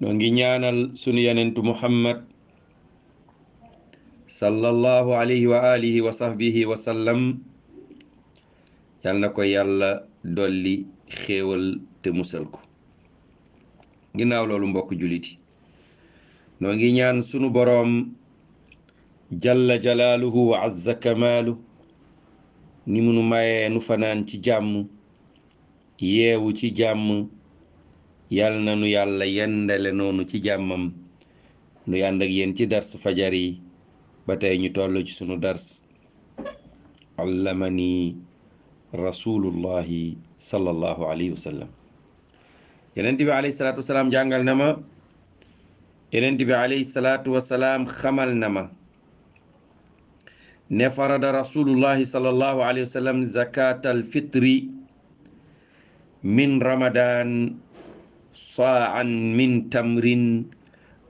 noo ngi ñaanal sunu yenentu muhammad sallallahu alayhi wa alihi wa sahbihi wa yal na ko yàlla dolli xéewal te musal ko ginnaaw loolu mbokk jullit yi ngi ñaan sunu boroom jalla jalaaluhu wa azza kamaalu ni munu mayee nu fanaan ci jàmm yeewu ci jàmm yàlla na nu yàlla yendale noonu ci jàmmam nu yànd ak ci dars fajar yi ba tey ñu toll ci sunu dars allamani rasulullahi sallallahu alayhi wa sallam yenent bi alayhi salaatu wasalaam jàngal na ma yenent bi alayhi xamal na ma ne farada rasulullahi sallallahu alayhi wa sallam zakatal fitri min ramadan saa'an min tamrin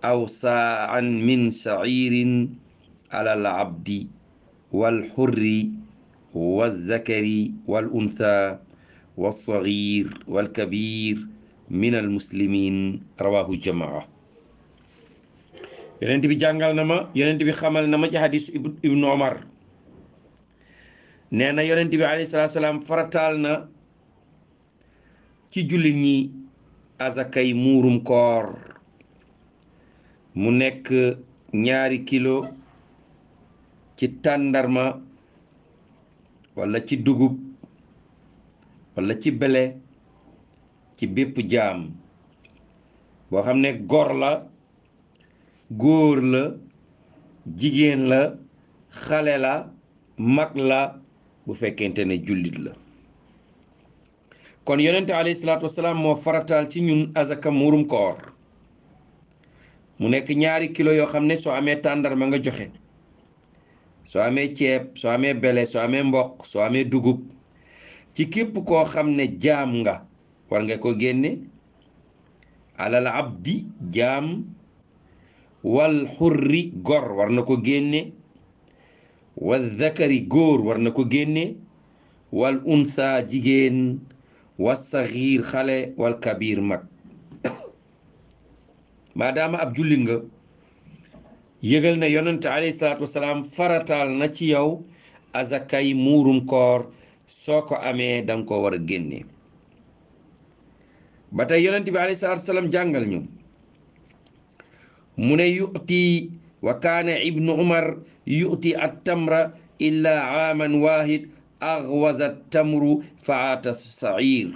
aw saa'an min sa'iirin alal abdi wal xurri wal zakari wal unthaa wal sagiir wal kabiir minal muslimiin rawaahu jamaa yonent bi jàngal na ma yonent bi xamal na ma ci hadis ibnu Omar nee na yonent bi alayhi salaatu salaam farataal na ci jullit ñi azakay muurum koor mu nekk ñaari kilo ci tàndarma walla ci dugub walla ci bele ci bépp jaam boo xam ne gor la góor la jigéen la xale la mag la bu fekkente ne jullit la kon yonente alayhi salaatu moo farataal ci ñun azaka muurum koor mu nekk ñaari kilo yoo xam ne soo amee tàndarma nga joxe soo amee ceeb soo amee bele soo amee mboq soo amee dugub ci képp koo xam ne jaam nga war nga ko génne alal abdi jaam wal xurri gor war na ko génne wal zakari góor war na ko génne wal unsa jigéen wasaxiir xale wal kabiir mag maadaama ab jullit nga yëgal na yonente alayhi salaatu wasalaam farataal na ci yow azakay muurum koor soo ko amee danga ko war a génne ba tey yonente bi alayhi salaatu wasalaam jàngal ñu mu ne yu'ti wa kaana ibnu umar yu'ti at tamra illa aaman waahid axwaza tamru faata sair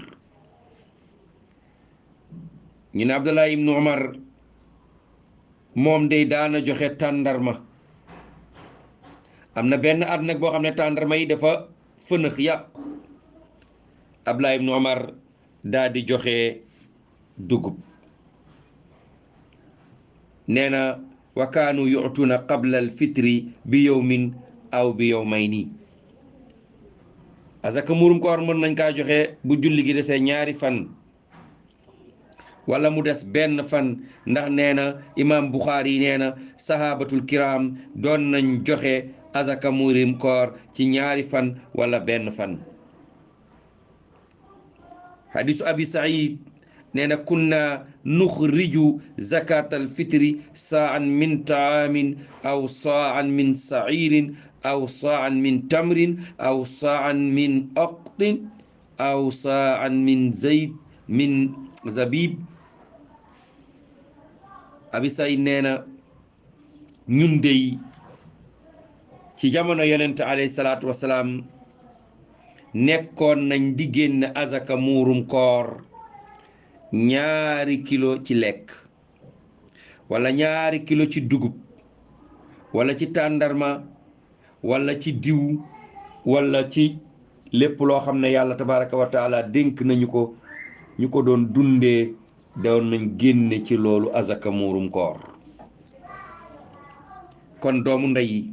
ñu ne abdullah ibnu omar moom dey daana joxe tàndarma am na benn at boo xam ne tàndarma yi dafa fënëx yàqu abdullah ibnu omar daa di joxe dugub nee na wa kaanu yu'tuna qabla al fitri bi yawmin aw bi yawmayni asaka murum koor mën nañ kaa joxe bu julli gi desee ñaari fan wala mu des benn fan ndax nee na imaam Buxaari nee na sahabatul kiram doon nañ joxe asaka murum ci ñaari fan wala benn fan hadisu abi said nee kunna nuxriju zakat al fitri saan min taamin aw saan min sairin aw saan min tamrin aw saan min oqtin aw saan min min zabib abi sayd nee na ci jamono yonent alayhi salaatu wasalaam nekkoon nañ di génn azaka muurum koor ñaari kilo ci lekk wala ñaari kilo ci dugub wala ci tàndarma wala ci diw wala ci lépp loo xam ne yàlla tabaraka wa taala dénk nañu ko ñu ko doon dundee doon nañ génne ci loolu azaka muurum koor kon doomu ndey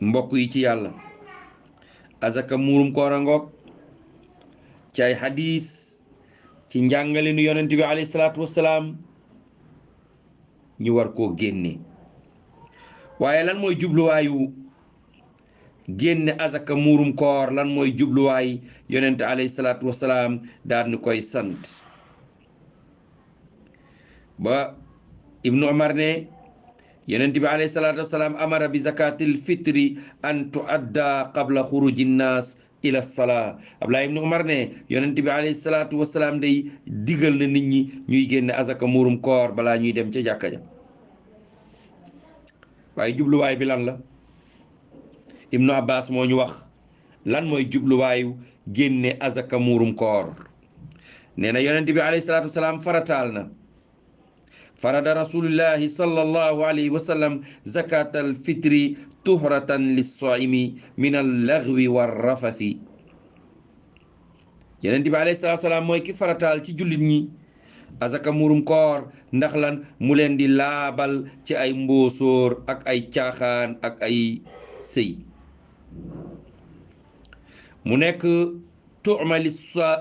mbokk yi ci yàlla azaka muurum koor a ngoog ci ay ci njàngale nu yonent bi alayhi salaatu wassalaam ñu war koo génne waaye lan mooy jubluwaayu génne azaka muurum koor lan mooy jubluwaay yonent alayhi salaatu wasalaam daal ni koy sant ba ibnu omar ne yonent bi alayhi salaatu wasalaam amara bi zakatil fitri an tuadda qabla xuruji nnaas ila salaa abdulaay ibnu omar ne yonent bi alayhi salaatu wasalaam digal na nit ñi ñuy génne azaka muurum koor balaa ñuy dem ca jàkka ja waaye jubluwaay bi lan la ibnu abbas moo ñu wax lan mooy jubluwaayu génne azaka muurum koor nee na yonent bi alayhi salaatu wasalaam farataal na farada rasulullahi sallallahu alayhi wa sallam al fitri tuhratan lissaimi min al lagwi wa rafathi yonent bi alayhi salaatu mooy ki farataal ci jullit ñi azaka muurum koor ndax lan mu leen di laabal ci ay mbóosóor ak ay caaxaan ak ay sëy mu nekk tuuma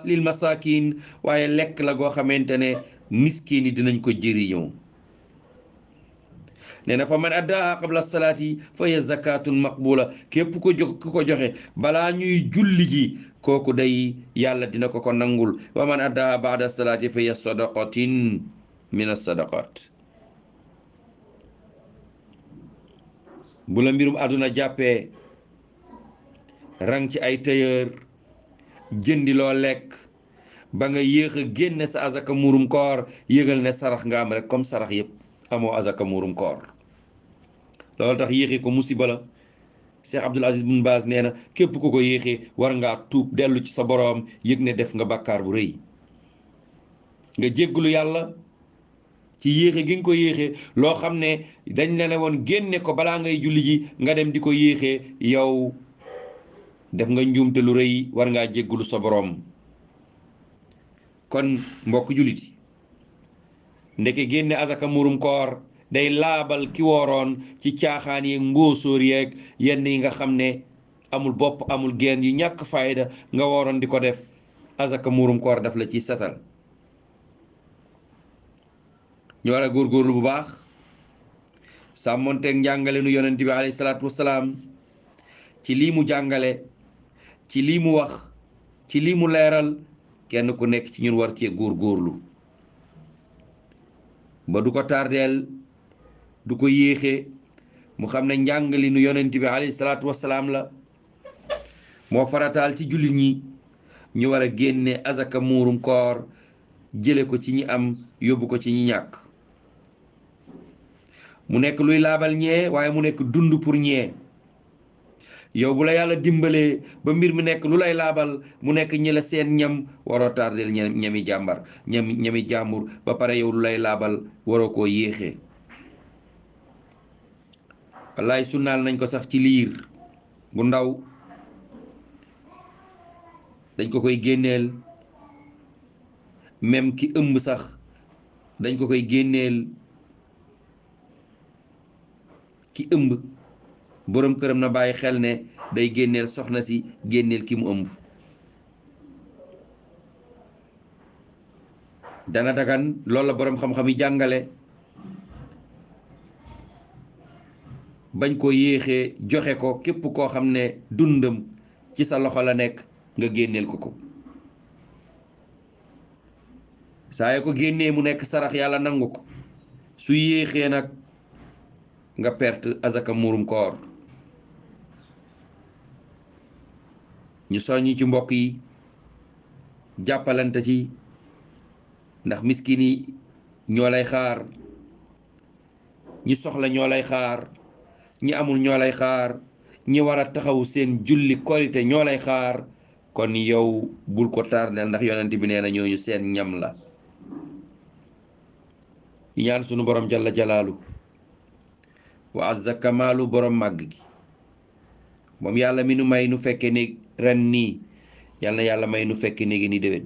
lil masaakin waaye lekk la goo xamante ne miskin yi dinañ ko jëriñoo nee na fa man addaha qabla salaati fa hiya zakatun maqbula képp ko jox ku ko joxe balaa ñuy julli ji kooku day yàlla dina ko ko nangul wa man addaha baada salaati fa hiya sadaqatin min as-sadaqat mbirum àdduna jàppee rang ci ay tailleur jëndi loo lekk ba nga yéex a génne sa azaka muurum koor yëgal ne sarax nga am rek comme sarax yëpp amoo azaka muurum koor loolu tax yéexe ko musiba la Cheikh Abdoul Aziz Bin Baz nee na képp ku ko yéexee war ngaa tuub dellu ci sa boroom yëg ne def nga bàkkaar bu rëy nga jéggalu yàlla ci yéexe gi nga ko yéexee loo xam ne dañ la ne woon génne ko balaa ngay julli ji nga dem di ko yéexee yow def nga njuumte lu rëy war ngaa jéggulu sa boroom kon mbokk jullit yi ndeke génne azaka murum koor day laabal ki wooroon ci caaxaan yeeg ngóosóor yeeg yenn yi nga xam ne amul bopp amul geen yu ñàkk fayda nga woroon di ko def azaka murum koor daf la ci setal ñu war a góorgóorlu bu baax sàmmonteeg njàngale nu yonent bi alayhi salaatu wasalaam ci lii mu jàngale ci lii mu wax ci lii mu leeral kenn ku nekk ci ñun war cee góor góorlu ba du ko tardeel du ko yéexee mu xam ne njàngali nu yonent bi alayhi salaatu wasalaam la moo farataal ci jullit ñi ñu war a génne azaka muurum koor jële ko ci ñi am yóbbu ko ci ñi ñàkk mu nekk luy laabal ñee waaye mu nekk dund pour ñee yow bu la yàlla dimbalee ba mbir mi nekk lu lay laabal mu nekk ñi la seen ñam waroo tardel ñami jàmbar ñam ñami jàmbur ba pare yow lu lay laabal waroo ko yéexee wallaay sunnaal nañ ko sax ci liir bu ndaw dañ ko koy génneel même ki ëmb sax dañ ko koy génneel ki ëmb boroom këram na bàyyi xel ne day génneel soxna si génneel ki mu ëmb dana dagan loolu la boroom xam-xam yi jàngale bañ ko yéexee joxe ko képp koo xam ne dundam ci sa loxo la nekk nga génneel ko ko saa yoo ko génnee mu nekk sarax yàlla nangu ko su yéexee nag nga perte azaka muurum koor ñu soññi ci mbokk yi jàppalante ci ndax miskin yi ñoo lay xaar ñi soxla ñoo lay xaar ñi amul ñoo lay xaar ñi war a taxawu seen julli korite ñoo lay xaar kon yow bul ko tardel ndax yonent bi nee na ñooñu seen ñam la ñaan sunu boroom jalla jalaalu wa azza kamaalu borom màgg gi moom yàlla mi nu may nu fekke néeg ren nii yal na yàlla may nu fekk néegi ni déwén